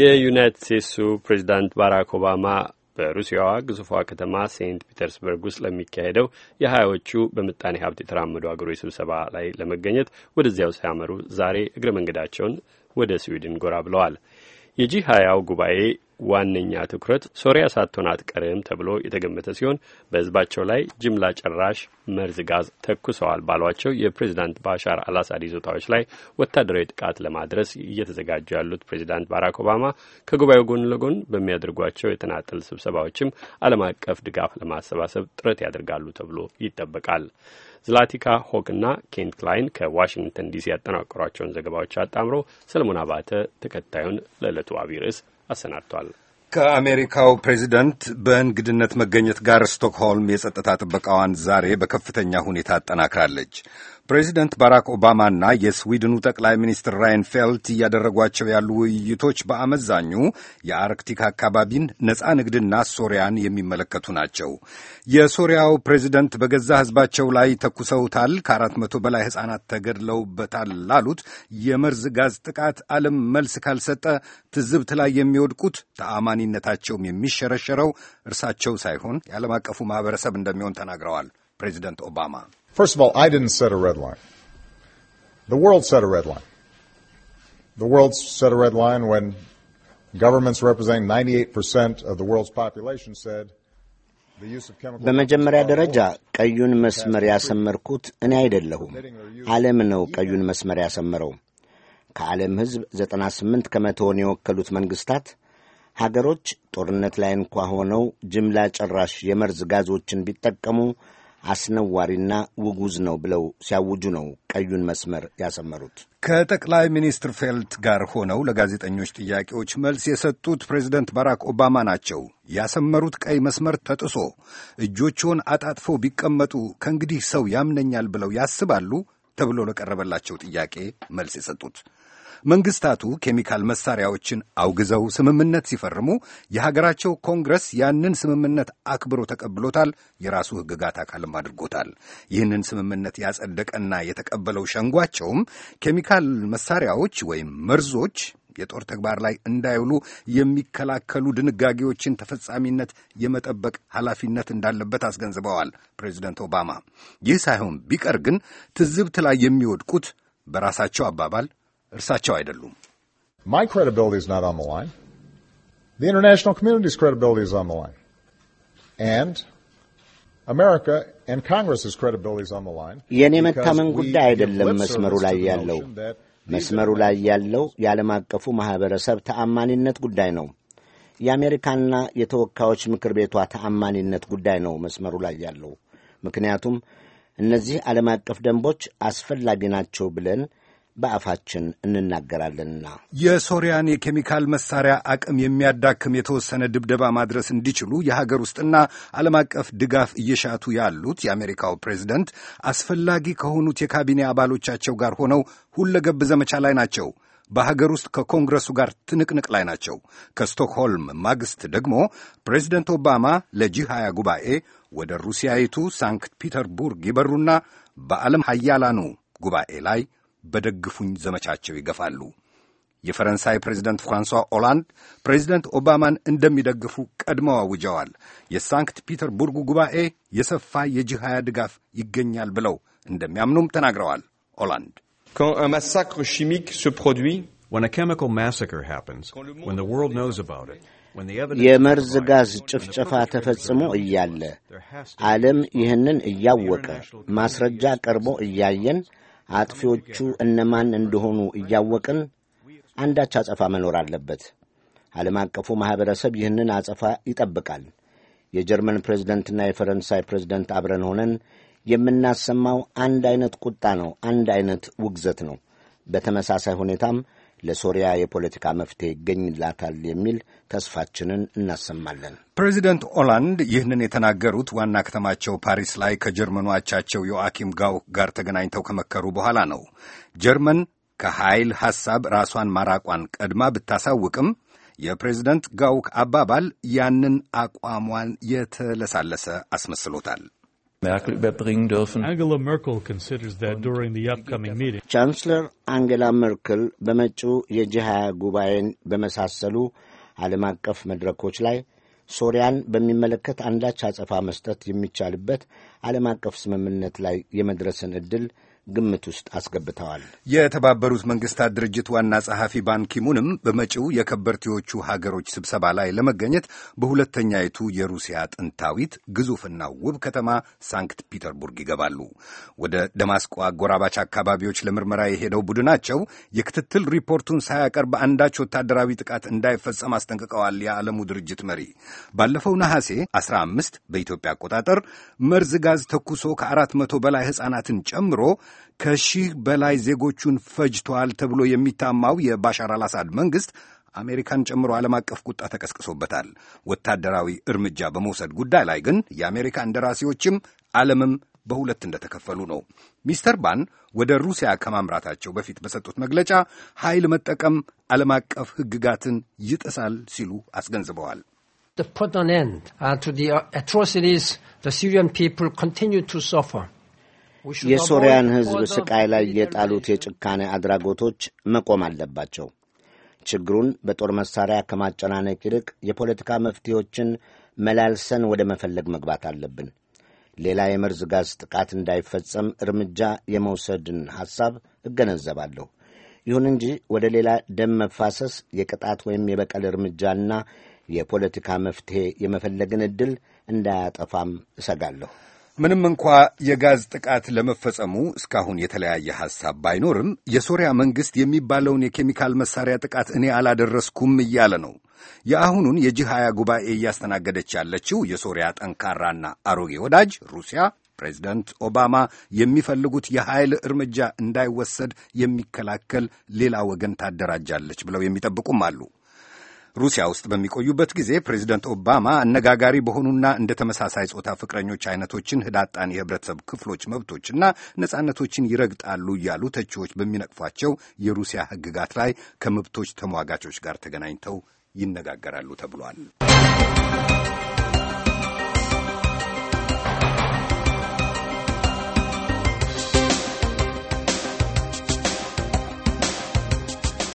የዩናይትድ ስቴትሱ ፕሬዚዳንት ባራክ ኦባማ በሩሲያዋ ግዙፏ ከተማ ሴንት ፒተርስበርግ ውስጥ ለሚካሄደው የሀያዎቹ በምጣኔ ሀብት የተራመዱ አገሮች ስብሰባ ላይ ለመገኘት ወደዚያው ሲያመሩ ዛሬ እግረ መንገዳቸውን ወደ ስዊድን ጎራ ብለዋል። የጂ ሀያው ጉባኤ ዋነኛ ትኩረት ሶሪያ ሳትሆን አትቀርም ተብሎ የተገመተ ሲሆን በህዝባቸው ላይ ጅምላ ጨራሽ መርዝ ጋዝ ተኩሰዋል ባሏቸው የፕሬዚዳንት ባሻር አልአሳድ ይዞታዎች ላይ ወታደራዊ ጥቃት ለማድረስ እየተዘጋጁ ያሉት ፕሬዚዳንት ባራክ ኦባማ ከጉባኤው ጎን ለጎን በሚያደርጓቸው የተናጠል ስብሰባዎችም ዓለም አቀፍ ድጋፍ ለማሰባሰብ ጥረት ያደርጋሉ ተብሎ ይጠበቃል። ዝላቲካ ሆክ እና ኬንት ክላይን ከዋሽንግተን ዲሲ ያጠናቀሯቸውን ዘገባዎች አጣምሮ ሰለሞን አባተ ተከታዩን ለዕለቱ አብይ ርዕስ አሰናድቷል። ከአሜሪካው ፕሬዚደንት በእንግድነት መገኘት ጋር ስቶክሆልም የጸጥታ ጥበቃዋን ዛሬ በከፍተኛ ሁኔታ አጠናክራለች። ፕሬዚደንት ባራክ ኦባማና የስዊድኑ ጠቅላይ ሚኒስትር ራይንፌልት እያደረጓቸው ያሉ ውይይቶች በአመዛኙ የአርክቲክ አካባቢን ነፃ ንግድና ሶሪያን የሚመለከቱ ናቸው። የሶሪያው ፕሬዚደንት በገዛ ሕዝባቸው ላይ ተኩሰውታል፣ ከአራት መቶ በላይ ሕፃናት ተገድለውበታል ላሉት የመርዝ ጋዝ ጥቃት ዓለም መልስ ካልሰጠ ትዝብት ላይ የሚወድቁት ተአማኒነታቸውም የሚሸረሸረው እርሳቸው ሳይሆን የዓለም አቀፉ ማኅበረሰብ እንደሚሆን ተናግረዋል ፕሬዚደንት ኦባማ First of all, I didn't set a red line. The world set a red line. The world set a red line when governments representing 98% of the world's population said the use of chemical በመጀመሪያ ደረጃ ቀዩን መስመር ያሰመርኩት እኔ አይደለሁም። ዓለም ነው ቀዩን መስመር ያሰመረው። ከዓለም ሕዝብ 98 ከመቶውን የወከሉት መንግሥታት ሀገሮች ጦርነት ላይ እንኳ ሆነው ጅምላ ጨራሽ የመርዝ ጋዞችን ቢጠቀሙ አስነዋሪና ውጉዝ ነው ብለው ሲያውጁ ነው ቀዩን መስመር ያሰመሩት። ከጠቅላይ ሚኒስትር ፌልት ጋር ሆነው ለጋዜጠኞች ጥያቄዎች መልስ የሰጡት ፕሬዚደንት ባራክ ኦባማ ናቸው። ያሰመሩት ቀይ መስመር ተጥሶ እጆችዎን አጣጥፈው ቢቀመጡ ከእንግዲህ ሰው ያምነኛል ብለው ያስባሉ ተብሎ ለቀረበላቸው ጥያቄ መልስ የሰጡት መንግስታቱ ኬሚካል መሳሪያዎችን አውግዘው ስምምነት ሲፈርሙ የሀገራቸው ኮንግረስ ያንን ስምምነት አክብሮ ተቀብሎታል፣ የራሱ ህግጋት አካልም አድርጎታል። ይህንን ስምምነት ያጸደቀና የተቀበለው ሸንጓቸውም ኬሚካል መሳሪያዎች ወይም መርዞች የጦር ተግባር ላይ እንዳይውሉ የሚከላከሉ ድንጋጌዎችን ተፈጻሚነት የመጠበቅ ኃላፊነት እንዳለበት አስገንዝበዋል ፕሬዚደንት ኦባማ። ይህ ሳይሆን ቢቀር ግን ትዝብት ላይ የሚወድቁት በራሳቸው አባባል እርሳቸው አይደሉም። My credibility is not on the line. The international community's credibility is on the line. And America and Congress's credibility is on the line. የእኔ መታመን ጉዳይ አይደለም መስመሩ ላይ ያለው መስመሩ ላይ ያለው የዓለም አቀፉ ማኅበረሰብ ተአማኒነት ጉዳይ ነው። የአሜሪካና የተወካዮች ምክር ቤቷ ተአማኒነት ጉዳይ ነው መስመሩ ላይ ያለው። ምክንያቱም እነዚህ ዓለም አቀፍ ደንቦች አስፈላጊ ናቸው ብለን በአፋችን እንናገራለንና የሶሪያን የኬሚካል መሳሪያ አቅም የሚያዳክም የተወሰነ ድብደባ ማድረስ እንዲችሉ የሀገር ውስጥና ዓለም አቀፍ ድጋፍ እየሻቱ ያሉት የአሜሪካው ፕሬዚደንት አስፈላጊ ከሆኑት የካቢኔ አባሎቻቸው ጋር ሆነው ሁለገብ ዘመቻ ላይ ናቸው። በሀገር ውስጥ ከኮንግረሱ ጋር ትንቅንቅ ላይ ናቸው። ከስቶክሆልም ማግስት ደግሞ ፕሬዚደንት ኦባማ ለጂ 20 ጉባኤ ወደ ሩሲያይቱ ሳንክት ፒተርቡርግ ይበሩና በዓለም ሀያላኑ ጉባኤ ላይ በደግፉኝ ዘመቻቸው ይገፋሉ። የፈረንሳይ ፕሬዚደንት ፍራንሷ ኦላንድ ፕሬዚደንት ኦባማን እንደሚደግፉ ቀድመው አውጀዋል። የሳንክት ፒተርቡርጉ ጉባኤ የሰፋ የጂሃያ ድጋፍ ይገኛል ብለው እንደሚያምኑም ተናግረዋል። ኦላንድ የመርዝ ጋዝ ጭፍጨፋ ተፈጽሞ እያለ ዓለም ይህንን እያወቀ ማስረጃ ቀርቦ እያየን አጥፊዎቹ እነማን እንደሆኑ እያወቅን አንዳች አጸፋ መኖር አለበት። ዓለም አቀፉ ማኅበረሰብ ይህንን አጸፋ ይጠብቃል። የጀርመን ፕሬዝደንትና የፈረንሳይ ፕሬዝደንት አብረን ሆነን የምናሰማው አንድ አይነት ቁጣ ነው፣ አንድ አይነት ውግዘት ነው። በተመሳሳይ ሁኔታም ለሶሪያ የፖለቲካ መፍትሄ ይገኝላታል የሚል ተስፋችንን እናሰማለን። ፕሬዚደንት ኦላንድ ይህንን የተናገሩት ዋና ከተማቸው ፓሪስ ላይ ከጀርመኑ አቻቸው ዮአኪም ጋው ጋር ተገናኝተው ከመከሩ በኋላ ነው። ጀርመን ከኃይል ሐሳብ ራሷን ማራቋን ቀድማ ብታሳውቅም የፕሬዚደንት ጋውክ አባባል ያንን አቋሟን የተለሳለሰ አስመስሎታል። Merkel überbringen dürfen. Angela Merkel considers that during the upcoming meeting. ቻንስለር አንጌላ ሜርክል በመጪው የጂ ሃያ ጉባኤን በመሳሰሉ ዓለም አቀፍ መድረኮች ላይ ሶሪያን በሚመለከት አንዳች አጸፋ መስጠት የሚቻልበት ዓለም አቀፍ ስምምነት ላይ የመድረስን ዕድል ግምት ውስጥ አስገብተዋል። የተባበሩት መንግስታት ድርጅት ዋና ጸሐፊ ባንኪሙንም በመጪው የከበርቴዎቹ ሀገሮች ስብሰባ ላይ ለመገኘት በሁለተኛይቱ የሩሲያ ጥንታዊት ግዙፍና ውብ ከተማ ሳንክት ፒተርቡርግ ይገባሉ። ወደ ደማስቆ አጎራባች አካባቢዎች ለምርመራ የሄደው ቡድናቸው የክትትል ሪፖርቱን ሳያቀርብ አንዳች ወታደራዊ ጥቃት እንዳይፈጸም አስጠንቅቀዋል። የዓለሙ ድርጅት መሪ ባለፈው ነሐሴ 15 በኢትዮጵያ አቆጣጠር መርዝ ጋዝ ተኩሶ ከአራት መቶ በላይ ሕፃናትን ጨምሮ ከሺህ በላይ ዜጎቹን ፈጅቷል ተብሎ የሚታማው የባሻር አልአሳድ መንግሥት አሜሪካን ጨምሮ ዓለም አቀፍ ቁጣ ተቀስቅሶበታል። ወታደራዊ እርምጃ በመውሰድ ጉዳይ ላይ ግን የአሜሪካ እንደራሴዎችም ዓለምም በሁለት እንደተከፈሉ ነው። ሚስተር ባን ወደ ሩሲያ ከማምራታቸው በፊት በሰጡት መግለጫ ኃይል መጠቀም ዓለም አቀፍ ሕግጋትን ይጥሳል ሲሉ አስገንዝበዋል። to put an end to the atrocities the Syrian people continue to suffer. የሶርያን ሕዝብ ስቃይ ላይ የጣሉት የጭካኔ አድራጎቶች መቆም አለባቸው። ችግሩን በጦር መሳሪያ ከማጨናነቅ ይልቅ የፖለቲካ መፍትሄዎችን መላልሰን ወደ መፈለግ መግባት አለብን። ሌላ የመርዝ ጋዝ ጥቃት እንዳይፈጸም እርምጃ የመውሰድን ሐሳብ እገነዘባለሁ። ይሁን እንጂ ወደ ሌላ ደም መፋሰስ፣ የቅጣት ወይም የበቀል እርምጃና የፖለቲካ መፍትሄ የመፈለግን ዕድል እንዳያጠፋም እሰጋለሁ። ምንም እንኳ የጋዝ ጥቃት ለመፈጸሙ እስካሁን የተለያየ ሐሳብ ባይኖርም የሶሪያ መንግሥት የሚባለውን የኬሚካል መሳሪያ ጥቃት እኔ አላደረስኩም እያለ ነው። የአሁኑን የጂ ሃያ ጉባኤ እያስተናገደች ያለችው የሶሪያ ጠንካራና አሮጌ ወዳጅ ሩሲያ ፕሬዚደንት ኦባማ የሚፈልጉት የኃይል እርምጃ እንዳይወሰድ የሚከላከል ሌላ ወገን ታደራጃለች ብለው የሚጠብቁም አሉ። ሩሲያ ውስጥ በሚቆዩበት ጊዜ ፕሬዚደንት ኦባማ አነጋጋሪ በሆኑና እንደ ተመሳሳይ ጾታ ፍቅረኞች አይነቶችን ህዳጣን የህብረተሰብ ክፍሎች መብቶችና ነጻነቶችን ይረግጣሉ እያሉ ተቺዎች በሚነቅፏቸው የሩሲያ ህግጋት ላይ ከመብቶች ተሟጋቾች ጋር ተገናኝተው ይነጋገራሉ ተብሏል።